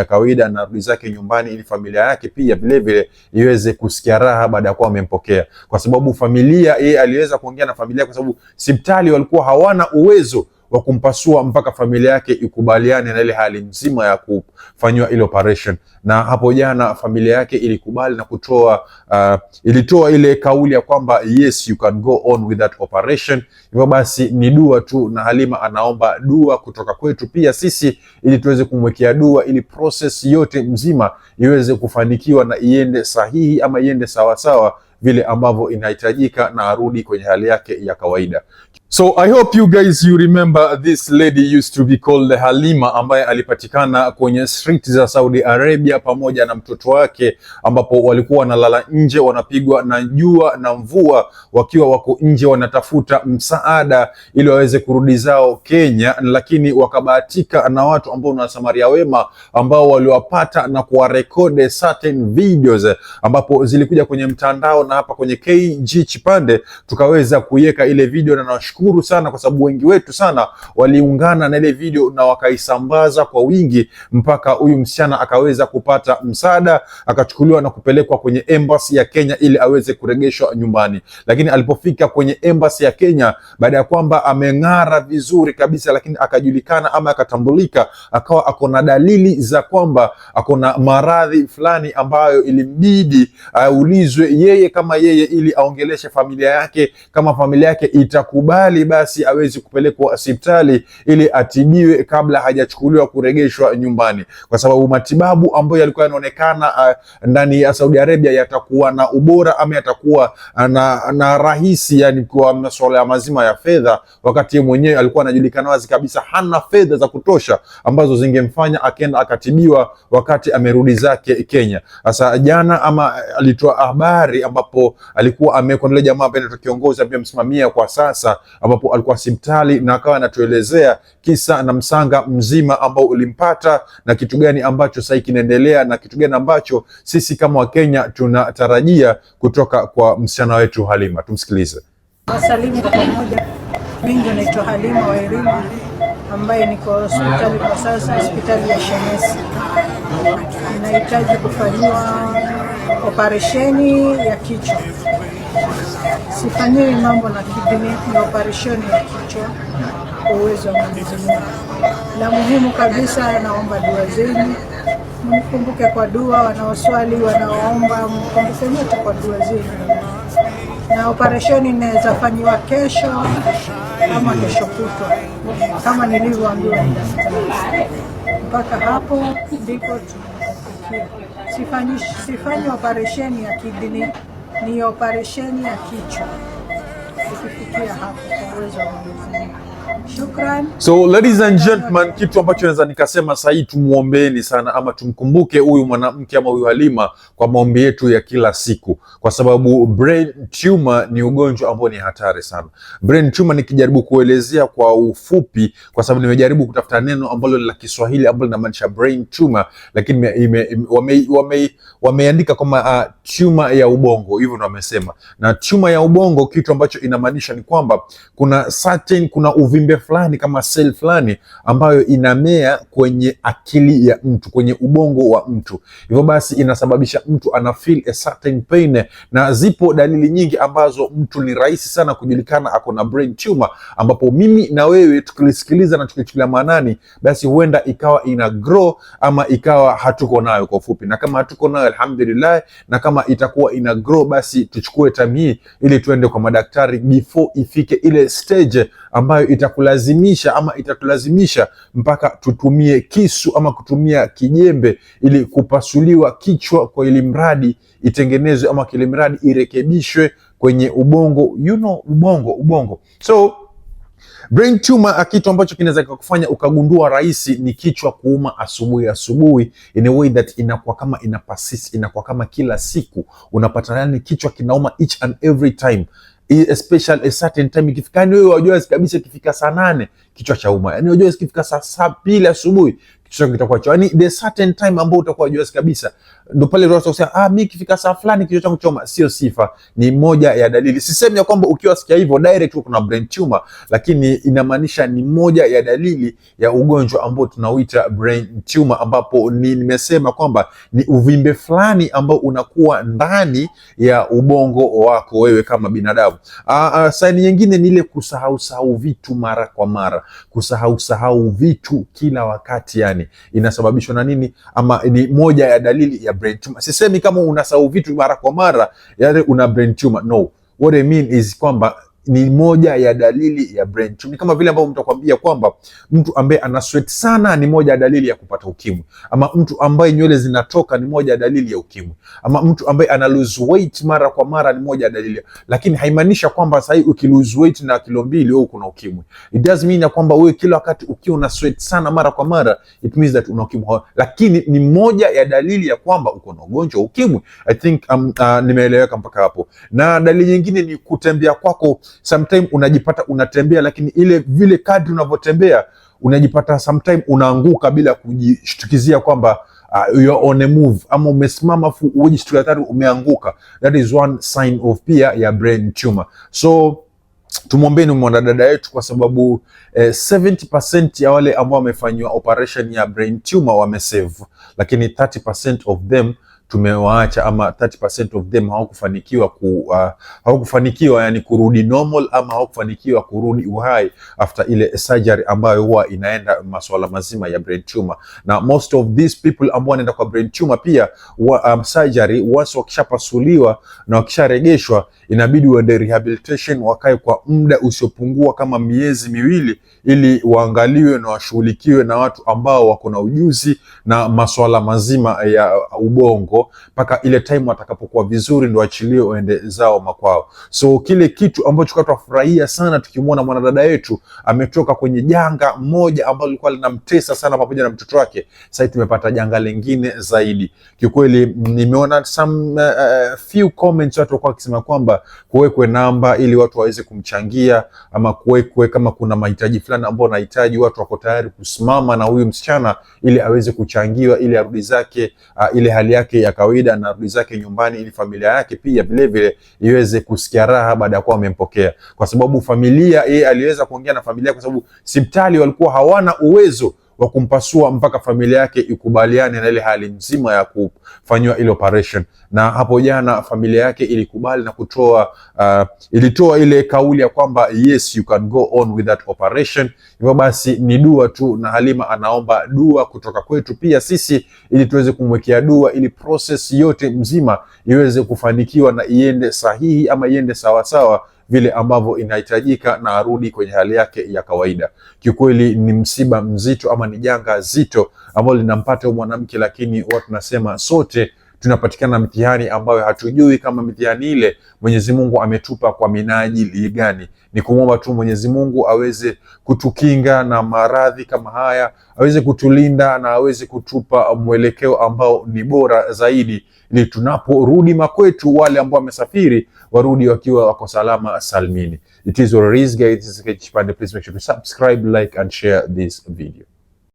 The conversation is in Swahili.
ya kawaida na rudi zake nyumbani, ili familia yake pia vilevile iweze kusikia raha baada ya kuwa wamempokea, kwa sababu familia yeye aliweza kuongea na familia, kwa sababu sipitali walikuwa hawana uwezo wa kumpasua mpaka familia yake ikubaliane na ile hali nzima ya kufanyiwa ile operation. Na hapo jana familia yake ilikubali na kutoa uh, ilitoa ile kauli ya kwamba yes you can go on with that operation. Hivyo basi ni dua tu, na Halima anaomba dua kutoka kwetu pia sisi, ili tuweze kumwekea dua ili process yote mzima iweze kufanikiwa na iende sahihi ama iende sawasawa vile ambavyo inahitajika na arudi kwenye hali yake ya kawaida. So I hope you guys you remember this lady used to be called Halima ambaye alipatikana kwenye street za Saudi Arabia pamoja na mtoto wake, ambapo walikuwa wanalala nje, wanapigwa na jua na mvua, wakiwa wako nje wanatafuta msaada ili waweze kurudi zao Kenya, lakini wakabahatika na watu ambao na wasamaria wema ambao waliwapata na kuwarekode certain videos ambapo zilikuja kwenye mtandao na hapa kwenye KG Chipande tukaweza kuiweka ile video, na nashukuru sana kwa sababu wengi wetu sana waliungana na ile video na wakaisambaza kwa wingi, mpaka huyu msichana akaweza kupata msaada, akachukuliwa na kupelekwa kwenye embassy ya Kenya ili aweze kuregeshwa nyumbani. Lakini alipofika kwenye embassy ya Kenya, baada ya kwamba ameng'ara vizuri kabisa, lakini akajulikana ama akatambulika, akawa ako na dalili za kwamba ako na maradhi fulani ambayo ilimbidi aulizwe yeye kama yeye, ili aongeleshe familia yake. Kama familia yake itakubali, basi awezi kupelekwa hospitali ili atibiwe kabla hajachukuliwa kuregeshwa nyumbani, kwa sababu matibabu ambayo yalikuwa yanaonekana uh, ndani ya Saudi Arabia yatakuwa na ubora ama yatakuwa ah, na, na rahisi, yani kwa masuala mazima ya fedha, wakati mwenyewe alikuwa anajulikana wazi kabisa hana fedha za kutosha ambazo zingemfanya akenda akatibiwa wakati amerudi zake Kenya. Sasa jana ama alitoa habari ambapo ambapo alikuwa amekuwa jamaa ambaye ndio kiongozi ambaye msimamia kwa sasa, ambapo alikuwa simtali na akawa anatuelezea kisa na msanga mzima ambao ulimpata na kitu gani ambacho sasa kinaendelea na kitu gani ambacho sisi kama Wakenya tunatarajia kutoka kwa msichana wetu Halima. Tumsikilize. Wasalimu kwa pamoja. Mimi naitwa Halima wa ambaye niko hospitali kwa sasa, hospitali ya Shenesi. Ninahitaji kufanyiwa operesheni ya kichwa, sifanyiwi mambo na kidini, na operesheni ya kichwa kwa uwezo wa Mwenyezi Mungu. La muhimu kabisa, naomba dua zenu, mkumbuke kwa dua, wanaoswali wanaoomba, mkumbuke nyote kwa dua zenu, na operesheni inaweza fanyiwa kesho ama kesho kutwa, kama nilivyoambiwa mpaka hapo ndipo sifanyi, sifanyi operesheni ya kidini, ni operesheni ya kichwa. Ikifikia hapo kwa uwezo wa Shukran. So ladies and gentlemen, kitu ambacho naweza nikasema sasa hii tumuombeeni sana ama tumkumbuke huyu mwanamke ama huyu Halima kwa maombi yetu ya kila siku, kwa sababu brain tumor ni ugonjwa ambao ni hatari sana. Brain tumor nikijaribu kuelezea kwa ufupi, kwa sababu nimejaribu kutafuta neno ambalo la Kiswahili ambalo linamaanisha brain tumor, lakini wameandika wame, wame kama uh, ah, tumor ya ubongo, hivyo ndo wamesema. Na tumor ya ubongo kitu ambacho inamaanisha ni kwamba kuna certain, kuna uvimbe fulani kama seli fulani ambayo inamea kwenye akili ya mtu, kwenye ubongo wa mtu, hivyo basi inasababisha mtu ana feel a certain pain, na zipo dalili nyingi ambazo mtu ni rahisi sana kujulikana ako na brain tumor, ambapo mimi na wewe tukilisikiliza na tukichukulia maanani, basi huenda ikawa ina grow ama ikawa hatuko nayo, kwa ufupi. Na kama hatuko nayo alhamdulillah, na kama itakuwa ina grow, basi tuchukue time hii ili tuende kwa madaktari before ifike ile stage ambayo itakulazimisha ama itatulazimisha mpaka tutumie kisu ama kutumia kijembe ili kupasuliwa kichwa kwa ili mradi itengenezwe ama ili mradi irekebishwe kwenye ubongo you know, ubongo ubongo so brain tumor, kitu ambacho kinaweza kufanya ukagundua rahisi ni kichwa kuuma asubuhi asubuhi, in a way that inakuwa kama ina persist, inakuwa kama kila siku unapata, yani kichwa kinauma each and every time especially a certain time ikifika, yani wewe wajua kabisa ikifika saa nane kichwa cha uma, yani wajua ikifika saa saa pili asubuhi kitu chako kitakuwa choma. Yaani the certain time ambao utakuwa unajua kabisa ndio pale watu wanasema ah, mimi kifika saa fulani kichwa changu choma. Sio sifa, ni moja ya dalili. Sisemi ya kwamba ukiwa sikia hivyo direct kuna brain tumor, lakini inamaanisha ni moja ya dalili ya ugonjwa ambao tunauita brain tumor, ambapo ni nimesema kwamba ni uvimbe fulani ambao unakuwa ndani ya ubongo wako wewe kama binadamu. Ah, ah saini nyingine ni ile kusahau sahau vitu mara kwa mara, kusahau sahau vitu kila wakati yani gani, inasababishwa na nini, ama ni moja ya dalili ya brain tumor. Sisemi kama unasahau vitu mara kwa mara, yani una brain tumor. No, what I mean is kwamba ni moja ya dalili ya brain tumor. Ni kama vile ambavyo mtakwambia kwamba mtu ambaye ana sweat sana ni moja ya dalili ya kupata ukimwi, ama mtu ambaye nywele zinatoka ni moja ya dalili ya ukimwi, ama mtu ambaye ana lose weight mara kwa mara ni moja ya dalili, lakini haimaanisha kwamba sasa uki lose weight na kilo mbili wewe kuna ukimwi. It does mean ya kwamba wewe kila wakati ukiwa una sweat sana mara kwa mara it means that una ukimwi, lakini ni moja ya dalili ya kwamba uko na ugonjwa ukimwi. I think um, uh, nimeeleweka mpaka hapo. Na dalili nyingine ni kutembea kwako sometime unajipata unatembea, lakini ile vile kadri unavyotembea unajipata sometime unaanguka bila kujishtukizia kwamba Uh, you are on a move ama umesimama fu ujishtukia tatu umeanguka. That is one sign of pia ya brain tumor. So tumwombeni mwanadada yetu kwa sababu eh, 70% ya wale ambao wamefanyiwa operation ya brain tumor wamesave, lakini 30% of them tumewaacha ama 30% of them hawakufanikiwa ku, uh, hawakufanikiwa yani kurudi normal ama hawakufanikiwa kurudi uhai after ile surgery ambayo huwa inaenda masuala mazima ya brain tumor, na most of these people ambao wanaenda kwa brain tumor pia wa, um, surgery once wakishapasuliwa na wakisharegeshwa inabidi waende rehabilitation, wakae kwa muda usiopungua kama miezi miwili, ili waangaliwe na washughulikiwe na watu ambao wako na ujuzi na masuala mazima ya ubongo mpaka ile time watakapokuwa vizuri ndo achilie uende zao makwao. So kile kitu ambacho kwa tunafurahia sana tukimwona mwanadada yetu ametoka kwenye janga moja ambalo lilikuwa linamtesa sana pamoja na mtoto wake, sasa tumepata janga lingine zaidi. Kiukweli nimeona some uh, few comments watu walikuwa wakisema kwamba kuwekwe namba ili watu waweze kumchangia ama kuwekwe kama kuna mahitaji fulani ambao wanahitaji watu wako tayari kusimama na huyu msichana ili aweze kuchangiwa ili arudi zake uh, ile hali yake ya ya kawaida na rudi zake nyumbani, ili familia yake pia vilevile iweze kusikia raha baada ya kuwa wamempokea, kwa sababu familia yeye aliweza kuongea na familia, kwa sababu sipitali walikuwa hawana uwezo wa kumpasua mpaka familia yake ikubaliane na ile hali nzima ya kufanyiwa ile operation. Na hapo jana familia yake ilikubali na kutoa uh, ilitoa ile kauli ya kwamba yes you can go on with that operation. Hivyo basi ni dua tu, na Halima anaomba dua kutoka kwetu pia sisi, ili tuweze kumwekea dua ili process yote mzima iweze kufanikiwa na iende sahihi ama iende sawasawa sawa vile ambavyo inahitajika na arudi kwenye hali yake ya kawaida. Kiukweli ni msiba mzito ama ni janga zito ambalo linampata huyu mwanamke, lakini huwa tunasema sote tunapatikana mitihani ambayo hatujui kama mitihani ile Mwenyezi Mungu ametupa kwa minajili gani. Ni kumwomba tu Mwenyezi Mungu aweze kutukinga na maradhi kama haya, aweze kutulinda na aweze kutupa mwelekeo ambao ni bora zaidi ili tunaporudi makwetu, wale ambao wamesafiri warudi wakiwa wako salama salmini. It is your risk, Guide, Kipande. Please make sure to subscribe, like and share this video.